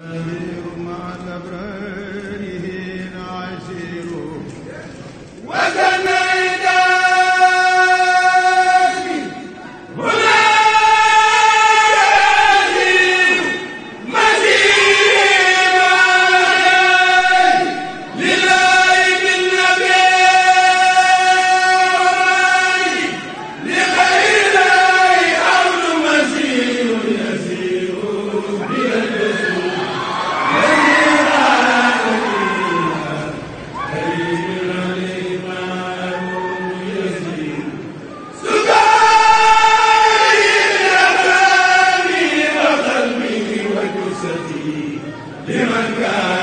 ومع الأبرار نعسير liman kaa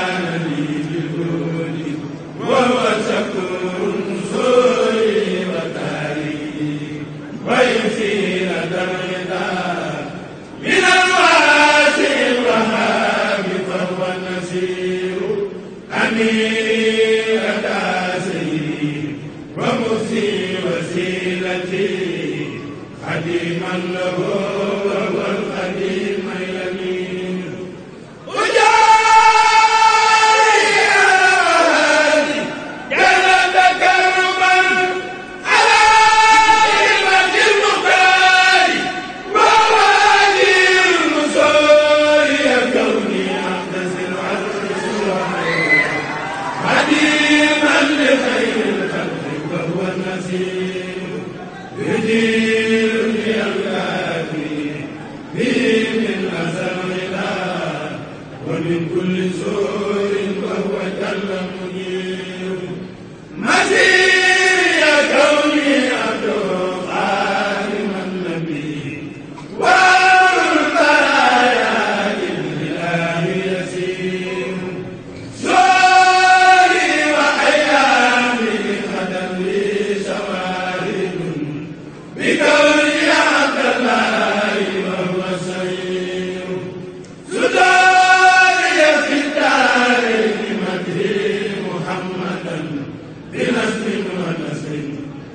حسن ونسن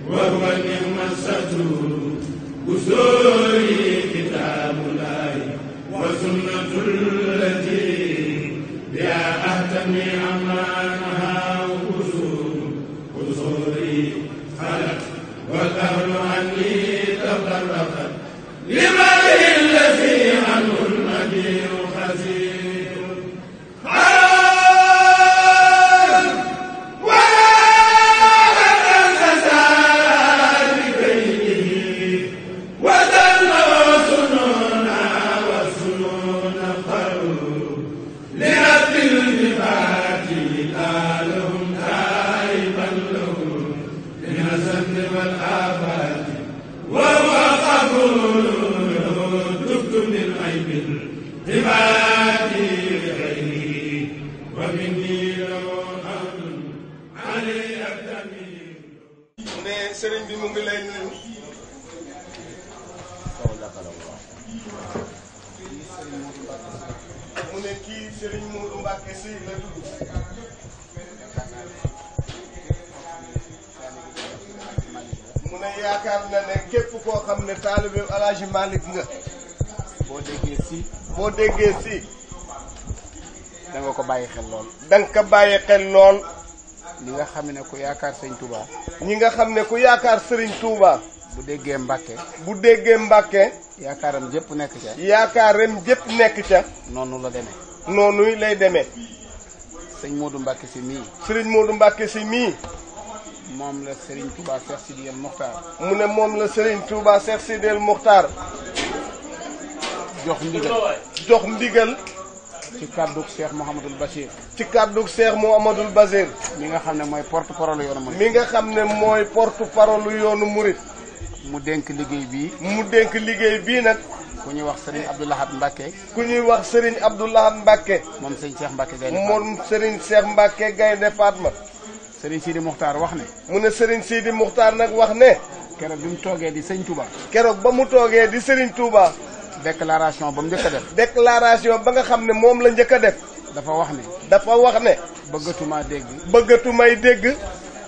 وهو نعم الستور كسوري كتاب déggee si. danga ko bàyyi xel lool. da nga ko bàyyi xel lool. ñi nga xam ne ku yaakaar sëñ Touba. ñi nga xam ne ku yaakaar sëriñ Touba. bu déggee Mbàkke. bu déggee Mbàkke. yaakaaram jëpp nekk ca. yaakaaram jëpp nekk ca. noonu la demee. noonu lay demee. sëñ Modou Mbàkke si mii. sëriñ Modou Mbàkke si mii. moom la sëriñ Touba Cheikh Sidiel Mokhtar. mu Touba Cheikh Sidiel jox ndigal jox ndigal. ci kàddug Cheikh Mouhamadul Bachir. ci kàddug Cheikh Mouhamadul Bachir. mi nga xam ne mooy porte parole yoonu murit. mi nga xam ne mooy porte parole yoonu murit. mu denk liggéey bii. mu dénk liggéey bii nag. ku ñuy wax Serigne Abdou Lahad Mbacke. ku ñuy wax Serigne Abdou Lahad Mbacke. moom Serigne Cheikh Mbacke Gaynde Fatma moom Serigne Cheikh Mbacke Gaynde Fatma. Serigne Sidi Muxtaar wax ne. mu ne Serigne di Muxtaar nag wax ne. keroog bi mu toogee di Serigne Touba. keroog ba mu toogee di Serigne Touba. déclaration ba mu njëkk a def. déclaration ba nga xam ne moom la njëkk a def. dafa wax ne. dafa wax ne. bëggatumaa dégg. bëggatumay dégg.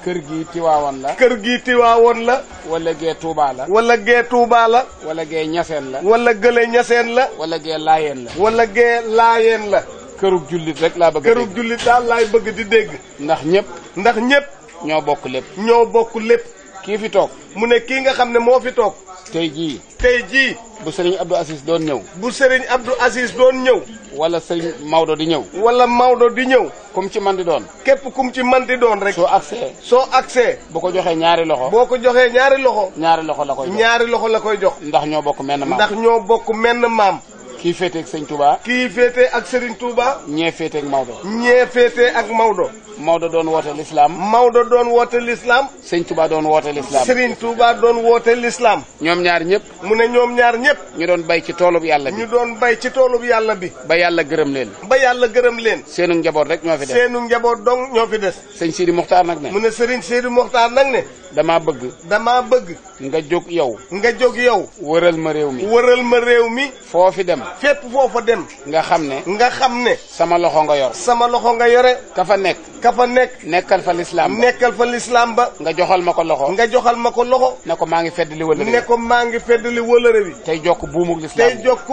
kër gii tiwaawoon la. kër gii tiwaawoon la. wala gee Touba la. wala gee Touba la. wala gee ñaseen la. wala gële ñaseen la. wala gee laayeen la. wala gee laayeen la. kërug jullit rek laa bëgg a dégg bëgg di dégg. ndax ñëpp. ndax ñëpp. ñoo bokk lépp. ñoo bokk lépp. kii fi toog. mu ne kii nga xam ne moo fi toog. tey jii. tey jii. bu Serigne Abdou Aziz doon ñëw. bu Serigne Abdou Aziz doon ñëw. wala Serigne Maodo di ñëw. wala Maodo di ñëw. kum ci man di doon. képp kum ci man di doon rek. soo accès. soo accès. boo ko joxee ñaari loxo. boo ko joxee ñaari loxo. ñaari loxo la koy ñaari loxo la koy jox. ndax ñoo bokk menn maam. ndax ñoo bokk menn maam. kii féete sëñ Touba. kii féete ak sëriñ Touba. ñee féete ak Maodo. ñee féete ak Maodo. Maodo doon woote lislaam. Maodo doon woote lislaam. sëñ Touba doon woote lislaam. Serigne Touba doon woote lislaam. ñoom ñaar ñëpp. mu ne ñoom ñaar ñëpp. ñu doon bay ci toolub yàlla bi. ñu doon bay ci toolub yàlla bi. ba yàlla gërëm leen. ba yàlla gërëm leen. seenu njaboot rek ñoo fi des. njaboot dong ñoo fi des. sëñ Sidi Mokhtar nag ne. mu ne Serigne Sidi Mokhtar nag ne. damaa bëgg. nga jóg yow. nga jóg yow. wëral ma réew mi. wëral ma réew mi. foofi dem. fépp foofa dem. nga xam ne. nga xam ne. sama loxo nga yor. sama loxo nga yore. ka fa nekk. ka fa nekk. nekkal fa lislaam nekkal fa lislaam ba. nga joxal ma ko loxo. nga joxal ma ko loxo. ne ko maa ngi feddali wëlëre bi. ne ko maa ngi feddali wëlëre bi. tey jokk buumug lislaam bi. tey jokk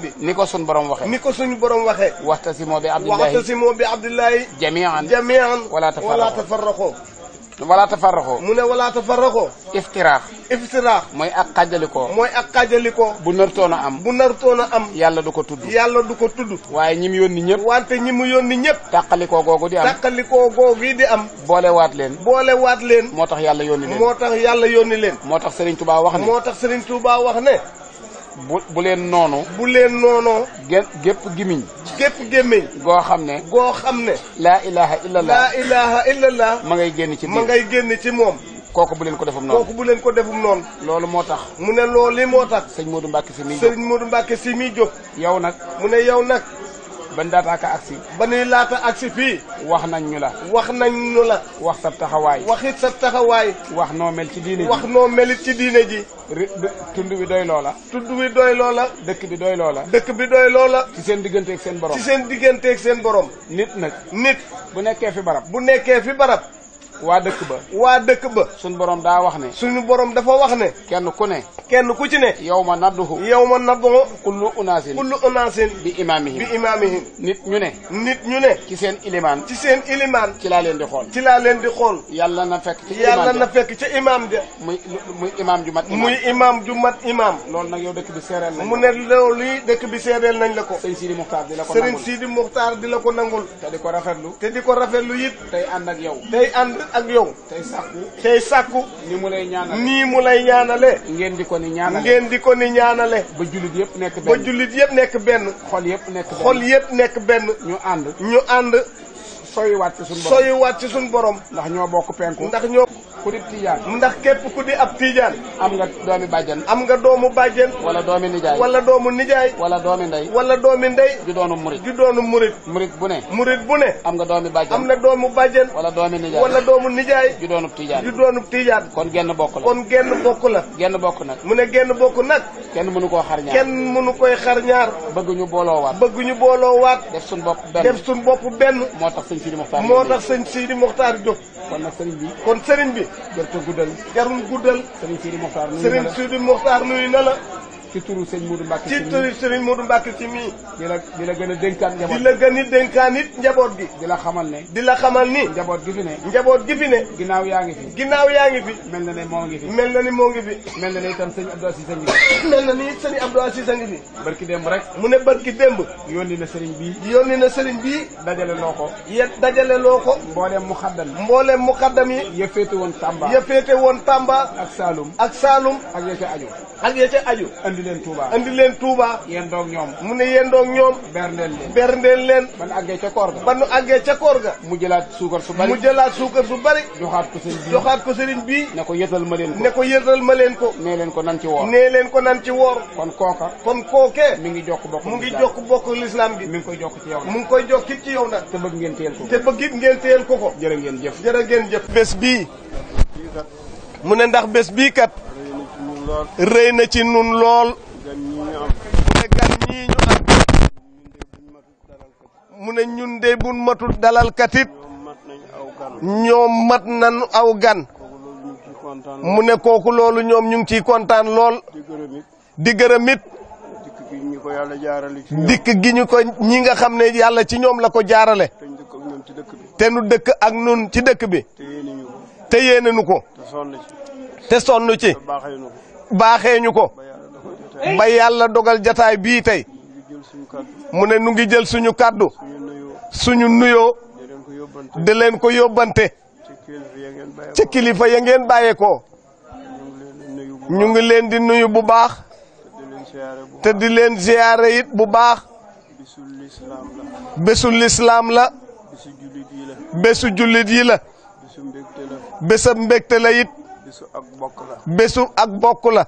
bi. ni ko suñ borom waxe ni ko suñ borom waxee. waxtasimoo bi abdillahi. waxtasimoo bi abdillahi. jamian. jamian. wala tafarraqo wala tafarraxoo mu ne wala tafarraxoo iftiraax iftiraax mooy ak xàjjalikoo mooy ak xàjjalikoo bu nartoon a am bu nartoon a am yàlla du ko tudd yàlla du ko tudd waaye ñi mu yónni ñëpp wante ñi mu yónni ñëpp tàqalikoo googu di am tàqalikoo googu di am boolewaat leen waat leen moo tax yàlla yónni leen moo tax yàlla yónni leen moo tax Serigne Touba wax ne moo tax Serigne Touba wax ne bu bu leen noonu. bu leen noonoo. gén gépp gémmiñ. gépp gémmiñ. goo xam ne. goo xam ne. laa ilaha illallah. laa ilaha illallah. ma ngay génn ci ma ngay génn ci moom. kooku bu leen ko defum noonu kooku bu leen ko defum noonu. loolu moo tax. mu ne loolu li moo tax. sëñ Modou Mbacke si muy jóg sëñ Modou Mbacke si muy jóg. yow nag mu ne yow nag. ban daataa ka agsi ba ni laata agsi fii wax nañ ñu la wax nañ ñu la wax sa taxawaay waxit sa taxawaay wax noo mel ci diine ji wax noo melit ci diine ji tund wi doy loola tund wi doy loola dëkk bi doy loola dëkk bi doy loola ci seen digganteeg seen borom ci seen digganteeg seen borom nit nag nit bu nekkee fi barab bu nekkee fi barab waa dëkk ba waa dëkk ba suñu borom daa wax ne suñu borom dafa wax ne kenn ku ne kenn ku ci ne yow ma naddu nadduhu yow ma nadduhu kullu unaasin kullu unaasin bi imaamihim bi imaamihim nit ñu ne nit ñu ne ci seen ilimaan ci seen ilimaan ci laa leen di xool ci laa leen di xool yàlla na fekk ci yàlla na fekk imaam de muy muy imaam ju mat muy imaam ju mat imaam loolu nag yow dëkk bi seereel nañ mu ne loolu yi dëkk bi seereel nañ la ko sëriñ Sidi Muxtaar di la ko nangul sëriñ Sidi di la ko nangul te di ko rafetlu te di ko rafetlu it tey ànd ak yow tey ànd ak yow. tey sàkku tey sàkku. ni mu lay ñaanale nii mu ngeen di ko ni ñaanale ngeen di ko ni ñaanale. ba jullit yëpp nekk benn ba jullit yëpp nekk benn. xol yëpp nekk benn yëpp nekk benn. ñu ànd ñu ànd. soyuwaat ci suñu borom soyuwaat ci suñu borom. ndax ñoo bokk penku. ndax ñoo ku di tiijaan. ndax képp ku di ab tiijaan. am nga doomi bàjjen. am nga doomu bàjjen. wala doomi nijaay. wala doomu nijaay. wala doomi ndey. wala doomi ndey. ju doonu murit. ju doonu murit. murit bu ne. murit bu ne. am nga doomi bàjjen. am na doomu bàjjen. wala doomi nijaay. wala doomu nijaay. ju doonu tiijaan. ju doonu tiijaan. kon genn bokk la. kon genn bokk la. genn bokk nag. mu ne genn bokk nag. kenn mënu koo xar ñaar. kenn mënu koy xar ñaar. bëgg ñu booloowaat. bëgg ñu booloowaat. def suñu bopp benn. def suñu benn. moo tax suñ Sidi Mokhtar moo tax sëñ Sidi Mokhtar jóg kon nag bi kon sëriñ bi jarta guddal jarul guddal sëriñ Sidi Mokhtar nuyu na la ci turu sëñ Modou Mbacke ci turu sëñ Modou Mbacke di la di la gën a dénkaat njaboot a dénkaat it njaboot gi. di la xamal ne. di la xamal ni. njaboot gi fi ne. njaboot gi fi ne. ginnaaw yaa ngi fi. ginnaaw yaa ngi fi. mel na ne moo ngi fi. mel na ni moo ngi fi. mel na ne itam sëñ Abdou Aziz a ngi fi. mel na ni sëñ Abdou Aziz a ngi fi. barki démb rek. mu ne barki démb. yónni na sëriñ bii. yónni na sëriñ bii. dajale loo ko. yet dajale loo ko. mbooleem mu xaddam yi. mbooleem mu xaddam yi. ya féete woon Tamba. ya féete woon Tamba. ak Saalum. ak Saalum. ak ya ak ya ca aju. leen Touba. andi leen Touba. yendoo ak ñoom. ñoom. berndeel leen berndeel leen. ba nu àggee ca koor ga. ba nu àggee ca ga. mu jëlaat suukar su bari. mu jëlaat suukar su bari. joxaat ko sëriñ bi joxaat ko sëriñ bi. ne ko yëtal ma leen ko ma leen ko. nee leen ko nan ci woor leen ko nan ci woor. kon kooka. kon kookee. mi mu ngi jokk bokk lislaam bi. mi koy jokk ci yow nag mu ngi koy jokk ci yow nag. te bëgg ngeen teel ko te bëgg ngeen teel ko ko. jërë ngeen jëf jërë ngeen mu ne ndax bés bi kat rëy na ci nun lool mu ne gan ñii ñu am mu ne ñun de buñ matul dalalkatit ñoom mat nañ aw gan mu ne kooku loolu ñoom ñu ngi ciy kontaan lool di gërëm it dikk gi ñu ko ñi nga xam ne yàlla ci ñoom la ko jaarale te nu dëkk ak nun ci dëkk bi te yéene nu ko te sonn ci te baaxee ñu ko ba yàlla dogal jataay bii tey mu ne nu ngi jël suñu kàddu suñu nuyoo di leen ko yóbbante ci kilifa ya ngeen bàyyeekoo ñu ngi leen di nuyu bu baax te di leen ziyaare it bu baax bésu lislaam la bésu jullit yi la bésu mbégte la it bisu la. bisu ak bokk la.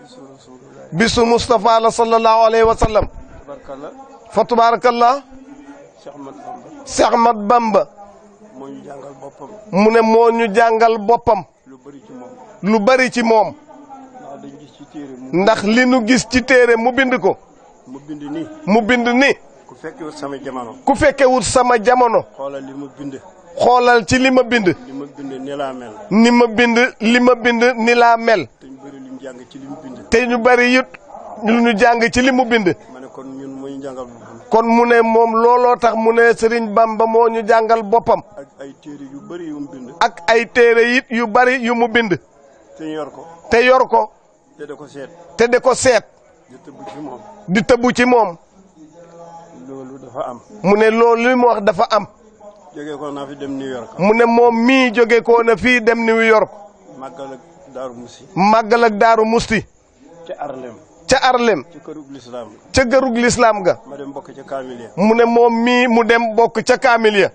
bisu Rasulullah. bisu Moustapha la sallallahu alayhi wa sallam. tabarakallah. fa tabarakallah. Cheikh Ahmad Bamba. mu ne moo ñu jàngal boppam. lu bari ci moom. ci moom. ndax li nu gis ci téere mu bind ko. mu bind nii. mu bind nii. ku fekkewut sama jamono. ku fekkewut sama jamono. xoolal li mu xoolal ci li ma bind. li ma bind ni laa mel. ni ma bind li ma bind ni laa mel. te ñu bëri lu jàng ci ñu bëri it lu ñu jàng ci li mu bind. ma kon ñun moo ñu kon mu ne moom looloo tax mu ne Serigne Bamba moo ñu jàngal boppam. ak ay téere yu bëri yu mu ay téere yu bëri yu mu bind. te yor ko. te yor ko. te ko seet. te de ko seet. di tëbbu ci moom. di tëbbu ci moom. dafa am. mu ne loolu li wax dafa am. jóge ko na fi dem New York. mu ne moom mii jóge ko na fii dem New York. màggal ak Daaru Musti. màggal ak Daaru ca Arlem. ca Arlem. ca ca kërug lislaam ga. ma dem bokk mu ne moom mii mu dem bokk ca Kaamil ya.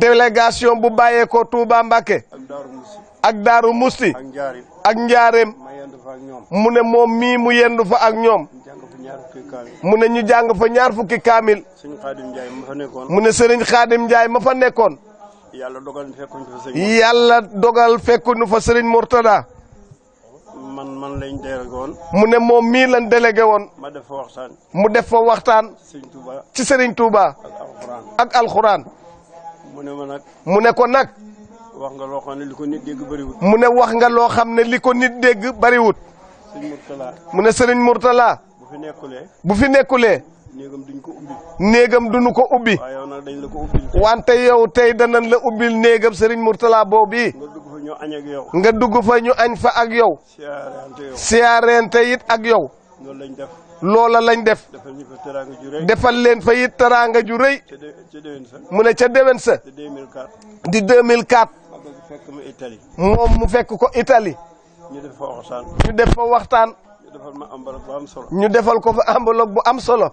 délégation bu bàyyee ko Touba ak Daaru Musti. ak Daaru ak Njaareem. ak mu ne moom mii mu yend fa ak ñoom. mu ne ñu jàng fa ñaar fukki kaamil. mu ne sëriñ xaadim Ndiaye ma fa nekkoon. yàlla dogal fekkuñu fa sëriñ. yàlla dogal fekkuñu fa sëriñ Mourtada. man man lañ délégué mu ne moom mii lañ délégué woon. ma def fa waxtaan. mu def fa waxtaan. ci sëriñ Touba. ak alxuraan. mu ne nag. mu ne ko nag. wax nga loo xam mu ne wax nga loo xam ne li ko nit dégg bariwut. mu ne sëriñ Mourtada. fi nekkulee. bu fi nekkulee. néegam duñ ko ubbi. néegam duñu ko ubbi. waaye yow dañ la ko wante yow tey danañ la ubbil néegam Serigne Mourtala boobu nga dugg fa ñu añ fa ak yow. siyaarente it ak yow. loolu lañ def. loola lañ def. defal leen fa it teraanga ju rëy. mu ne ca déwén sa. di 2004. moom mu fekk ko Italie. ñu def fa waxtaan. ñu def fa waxtaan. ñu defal ko fa enveloppe bu am solo.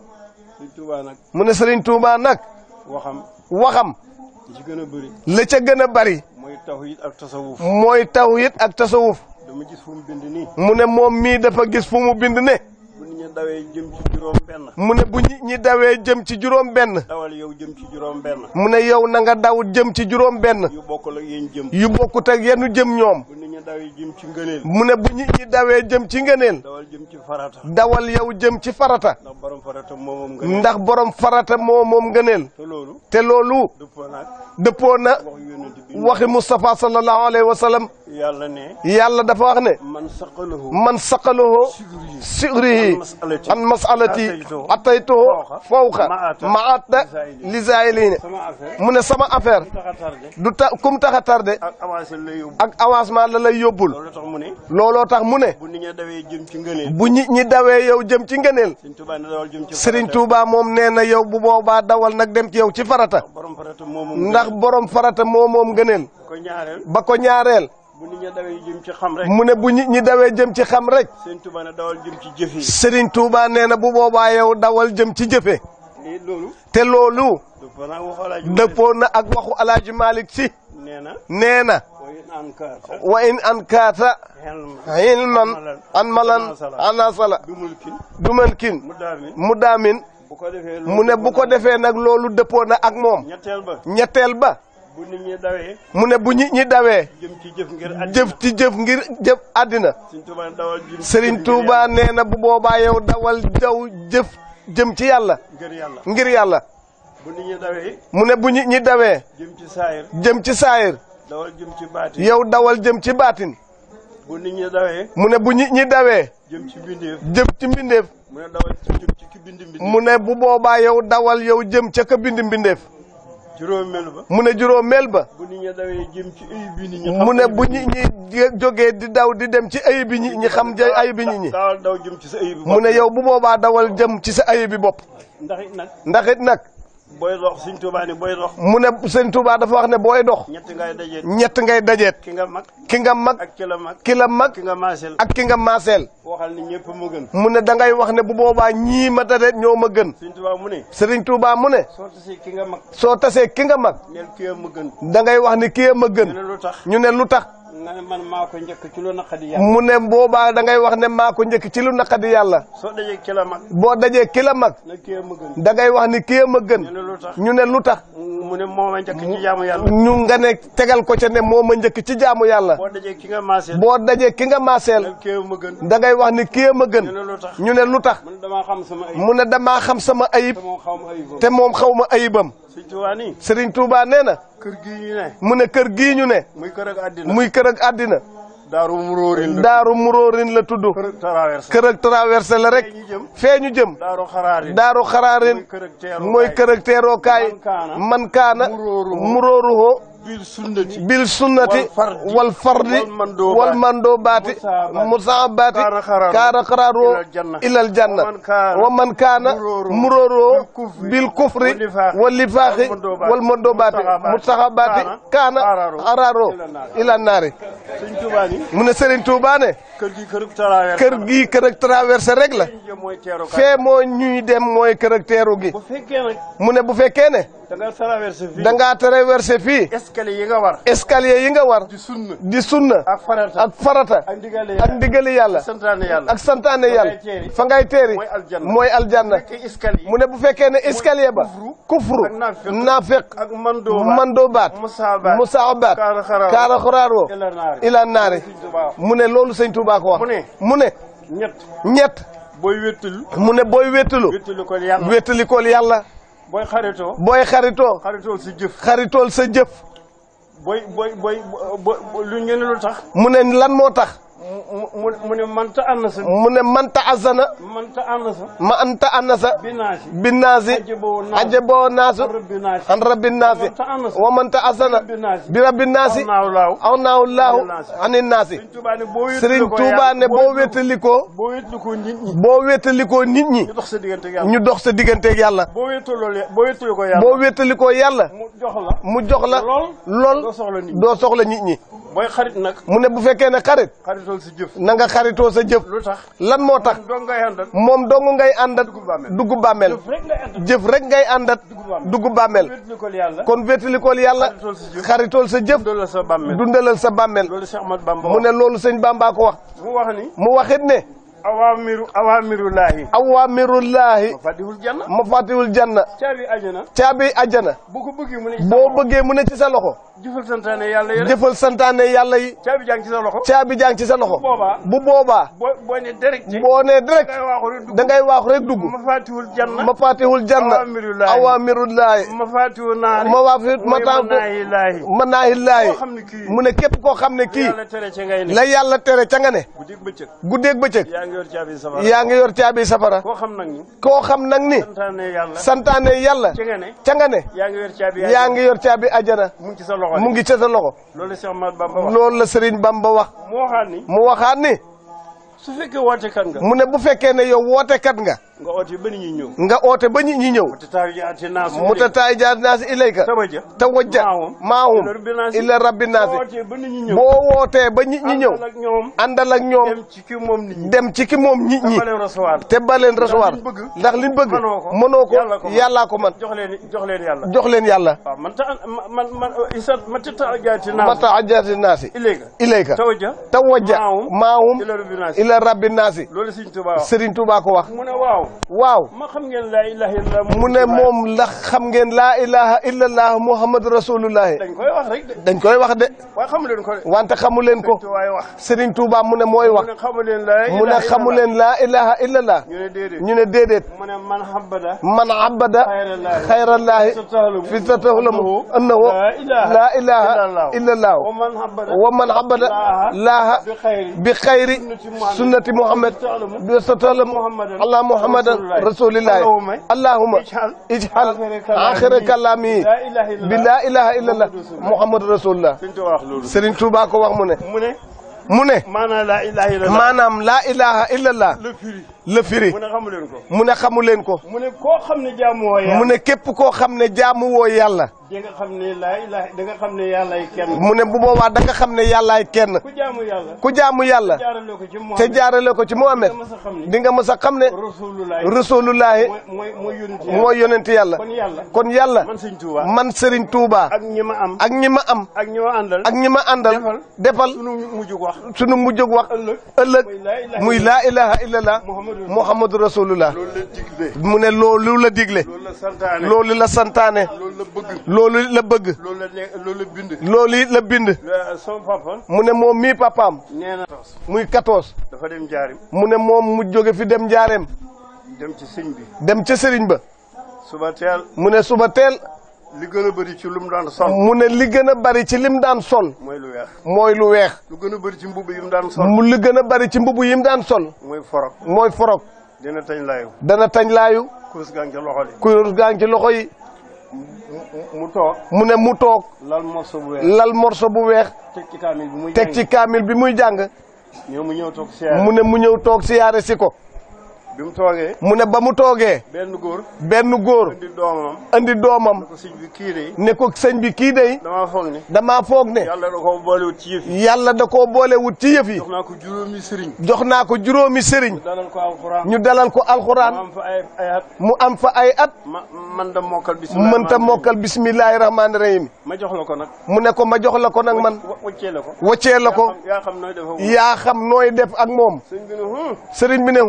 mu ne Serigne Touba nag. waxam waxam. gën a bëri. la ca gën a bëri. mooy tawhid ak ak tasawuf. dama mu ne moom mii dafa gis fu mu bind ne. ñu dawee mu ne bu ñi dawee jëm ci juróom benn. dawal juróom mu ne yow na nga daw jëm ci juróom benn. yu bokkul ak jëm ñoom. ñu dawee jëm ci ngëneel. mu ne bu ñu ñu dawee jëm ci ngëneel. dawal jëm ci farata. dawal yow jëm ci farata. ndax borom farata moom moom ngëneel. ndax moom moom ngëneel. te loolu. te loolu. dëppoo na dëppoo na waxi Moustapha sallallahu alayhi wa sallam. yàlla ne. yàlla dafa wax ne. man saqalahu. man saqalahu. sigrihi an masalati ataytuhu fawqa maata lisaayilina mu ne sama affaire. kum tax a tardé. ak avancement la lay yóbbul. looloo tax mu ne. looloo tax mu ne. bu nit ñi dawee jëm ci ngëneel. bu nit ñi dawee yow jëm ci ngëneel. Serigne Touba jëm ci farata. Serigne moom nee na yow bu boobaa dawal nag dem ci yow ci farata. ndax borom farata moo moom ngëneel. ba ko ñaareel. mu ne bu nit ñi dawee jëm ci xam rek. Serigne Touba ne dawal jëm ci jëfe. Serigne nee na bu boobaa yow dawal jëm ci jëfe. te loolu. dëppoo na ak waxu alaaji Malick si. nee na. وإن أنكاث علما أنملا أناصلا du malkin mudaamin mu ne bu ko defee nag loolu dëppoo na ak moom ñetteel ba mu ne bu nit ñi dawee jëf ci jëf ngir jëf àddina Serigne Touba nee bu boobaa yow dawal jaw jëf jëm ci yàlla ngir yàlla mu ne bu nit ñi dawee jëm ci saayir dawal jëm yow dawal jëm ci baatin mu ne bu nit ñi dawee. jëm ci mbindeef mu ne dawal mu ne bu boobaa yow dawal yow jëm ca ka bind mbindeef. juróomeel ba mu ne juróomeel ba. mu ne bu nit ñi jógee di daw di dem ci ayib bi ñi xam ja ayib bi ñi. jëm ci sa mu ne yow bu boobaa dawal jëm ci sa ayib bi bopp. ndax it nag. booy dox sëñ Touba ne booy dox. mu ne sëñ Touba dafa wax ne booy dox. ñett ngay dajeet ñett ngay dajeet. ki nga mag ki nga mag. ak ki la mag ki la mag. ki ak ki nga maaseel. waxal ni ñëpp ma gën. mu ne da wax ne bu boobaa ñii ma tare ñoo ma gën. sëñ Touba mu ne. sëriñ Touba mu ne. ki nga mag. soo tasee ki nga mag. neel ma gën. da ngay wax ne kii a gën. tax. ñu ne lu tax. nga ne man maa ko njëkk ci lu naqadi mu ne boobaa da wax ne maako ko njëkk ci lu naqadi yàlla. soo dajee ki la boo dajee ki mag. ne kii ma da ngay wax ni kii ma gën. ñu ne lu tax ñu lu tax. mu ne moo njëkk ci jaamu yàlla. ñu nga ne tegal ko ca ne moo ma njëkk ci jaamu yàlla. boo dajee ki nga maaseel. boo dajee ki da ngay wax ne kii ma gën. ñu ne lu tax. mu ne damaa xam sama ayib. te moom xaw ma ayibam Sëriñ Touba nii. Sëriñ kër gii ne. mu ne kër gii ñu ne. muy kër ak àddina muy kër ak àddina. Daaru Muróorin la Daaru Muróorin la tudd. kër ak traversé kër ak traversé la rek. fee ñu jëm Daaru Xaraarin Daaru Xaraarin. mooy kër ak teerookaay. man kaana Muróoruhoo bil sunnati bil sunnati wal fardi wal mando baati musaa baati kaana xaraaroo ilal janna wa man kaana murooroo bil kufri wal lifaaxi wal mando baati musaa baati kaana xaraaroo ilal naari mu ne Serigne Touba ne kër gii kër ak traversé la fee moo ñuy dem mooy kër teeru gi mu bu fekkee ne da fii escalier yi nga war. yi nga war. di sunna di sunna. ak farata ak farata. ak ndigali yàlla ak ndigali yàlla. santaane yàlla ak santaane yàlla. fa ngay teeri mooy aljanna mooy aljanna. mu ne bu fekkee ne escalier ba. kufru naafeq ak mandoobaat musaabaat kaara xaraaroo ila naare mu ne loolu sëñ Tuubaa ko wax mu ne ñett booy wéttalu mu ne booy wéttalu wéttalikool yàlla booy xaritoo booy xaritoo xaritool jëf booy booy booy lu ngeen lu tax. mu ne lan moo tax. mu ne manta annasa. mu ne manta asana. manta annasa. ma anta annasa. binaasi binaasi. ajaboo naasu an rabbi naasi. wa manta asana. bi rabbi naasi. aw naaw laahu ani naasi. Serigne Touba ne boo wétalikoo. boo wétalikoo nit ñi. boo wétalikoo nit ñi. ñu dox sa digganteeg yàlla. ñu dox sa digganteeg yàlla. boo wétalikoo yàlla. boo yàlla. mu jox la mu jox la. lool doo soxla nit ñi. mooy xarit nag. mu ne bu fekkee ne xarit. xaritoo sa jëf. na nga xaritoo sa jëf. lu tax lan moo tax. moom dong ngay àndat. dugg bàmmeel jëf rek ngay àndat. dugg bàmmeel kon wéttalikool yàlla. xaritool sa jëf. dundalal sa bàmmeel. mu ne loolu sëñ Bamba ko wax. mu wax ni mu waxit ne. awaamiru awaamirullaahi. awaamirullaahi. mafaatihul janna. mafaatihul janna. caabi ajana. caabi ajana. boo ko bëggee mu ne ci sa loxo. jëfal santaane yàlla yi jëfal santaane yàlla yi. caabi jàng ci loxo. bu boobaa bu boobaa. direct. boo nee direct da ngay waaxu rek dugg. mafaatihul janna mafaatihul janna. awaamirulaahi mafaatihu naari. ma waa fi ma taa ko manaahilaahi mu ne képp koo xam ne kii. la yàlla tere ca nga ne. guddeeg bëccëg. guddeeg bëccëg. yaa ngi yor caabi safara. yaa ngi yor caabi safara. koo xam nag ni. koo xam nag ni. santaane yàlla. santaane yàlla. ca nga ne. yaa ngi yor caabi ajana. mu ngi ca sa loxo. loolu la Serigne Bamba wax. mu waxaat ni. su fekkee woote nga. mu ne bu fekkee ne yow woote kat nga. nga oote ba nit ñi ñëw. nga oote ba nit ñi ñëw. mu tataay jaar naas ilayka. tawajja tawajja maahum ila rabbi naas boo wootee ba nit ñi ñëw. àndal ak ñoom dem ci ki moom ñi. dem ci ki moom nit ñi. te ba leen recevoir. ndax liñ bëgg mënoo ko yàllaa ko man jox leen jox leen yàlla. jox leen yàlla. waaw man man man isat ma tataay jaar naas. ma tataay jaar naas ilayka. tawajja maahum ila rabbi naasi. loolu Serigne Touba wax Serigne Touba ko wax. mu ne waaw. waaw ma xam ngeen laa ilaha illallah. mu ne moom la xam ngeen laa ilaha illallah muhammad rasulullah. dañ koy wax rek de. dañ koy wax de. waaye xamu leen ko de. wante xamu leen ko. Serigne Touba mu ne mooy wax. mu ne xamu leen laa ilaha illallah. ñu ne déedéet ñu ne déedéet. mu ne man abada. man abada. xayrallaahi fi tatahlamu annahu laa ilaha illallah. wa man abada laaha bi xayri. sunnati Muhammad sa tolla allah Muhammadan rasulillahi allahumma ijhal axira kalaami bi laa ilaha illallah Muhammad rasulullah Serigne Touba ko wax mu ne mu ne. maanaam laa ilaha illallah. la firi. la firi mu ne xamu leen ko. mu ne xamu leen ko. mu ne koo xam ne jaamu woo yàlla. mu ne képp koo xam ne jaamu woo yàlla. di xam ne laa ilaha da nga xam ne yàllaay kenn. mu ne bu boobaa da xam ne yàllaay kenn. ku jaamu yàlla. ku jaamu yàlla. te jaarale ko ci Muhammad. di nga mës a xam ne. rasulullahi. mooy mooy yonent yàlla mooy yonent yàlla. kon yàlla. man Serigne Touba man Serigne Touba. ak ñi ma am ak ñi ma am. ak ñi ma àndal defal sunu mujjug wax ëllëg muy laa ilaha illallah muhammadu rasulullah mu ne loolu la digle loolu la santaane loolu la bëgg loolu la bind mu ne moom mii papaam muy 14 mu ne moom mu jóge fi dem njaareem dem ci ba suba teel mu ne suba teel li gën a bëri ci lim daan sol. mu ne li gën a bëri ci lim daan sol. mooy lu weex mooy lu weex. lu gën a bëri ci mbubu yi mu daan sol. mu gën a bëri ci mbubu yi mu daan sol. mooy forog mooy forog. dina tañ dana tañ laayu. kurus gaa ngi ci loxo yi. loxo yi. mu toog mu ne mu toog. lal morso bu weex lal morso teg ci kaamil bi muy jàng teg ci kaamil bi muy jàng. mu ne mu ñëw toog siyaare si ko. bi mu mu ne ba mu toogee. benn góor. benn góor. andi doomam. andi doomam. ne ko sëñ bi kii day. damaa foog ne. damaa foog ne. yàlla da koo boolewut ci yëf yi. yàlla da koo boolewut ci yëf yi. jox naa ko juróomi sëriñ. jox naa ko juróomi sëriñ. ñu dalal ko alxuraan. ñu dalal ko alxuraan. mu am fa ay at. mu am fa ay at. ma man da mokkal bisimilah. man da mokkal bisimilahi ma jox la ko nag. mu ne ko ma jox la ko nag man. wàccee la ko. wàccee la ko. yaa xam nooy def ak moom. sëriñ bi ne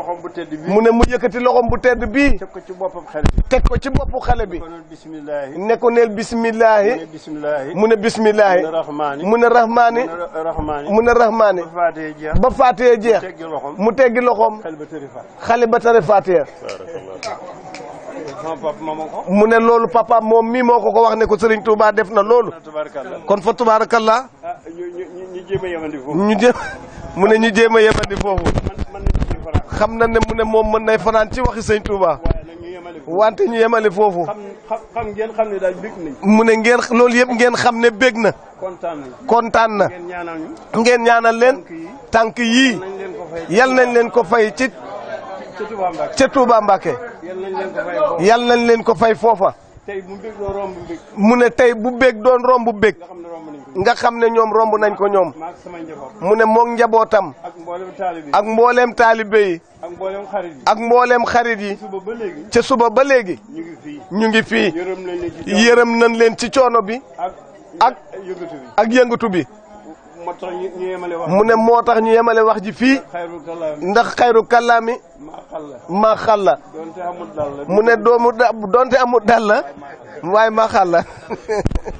loxoom bu tedd mu ne mu yëkkati loxoom bu tedd bi teg ko ci boppam xale bi teg ko ci boppu xale bi ne ko neel mu ne bismillaahi mu ne rahmaani mu ne ba faatee jeex mu teggi loxoom xale ba tari faatee mu ne loolu papa moom mii moo ko ko wax ne ko Serigne Touba def na loolu kon fa tubaarakallah ah, ñu jéem a yemandi foofu mu ne ñu jéem yemandi foofu xam na ne mu ne moom mën nay fanaan ci waxi sëñ Touba. wante ñu yemale foofu. xam ngeen xam ne daal bég nañ. mu ne ngeen loolu yëpp ngeen xam ne bég na. kontaan na kontaan na. ngeen ñaanal leen. tànk yii yal nañ leen ko fay ci. ca Touba Mbacké. yal nañ leen ko fay foofa. mu ne tey bu bëgg doon romb bëgg nga xam ne ñoom romb nañ ko ñoom mu ne moog njabootam ak mbooleem taalibe yi ak mbooleem xarit yi ca suba ba léegi ñu ngi fii yërëm nañ leen ci coono bi ak ak bi moo tax mu ne moo tax ñu yemale wax ji fii. ndax xayru kàllaami. maa xal mu ne doomu donte amul dal la waaye maa xal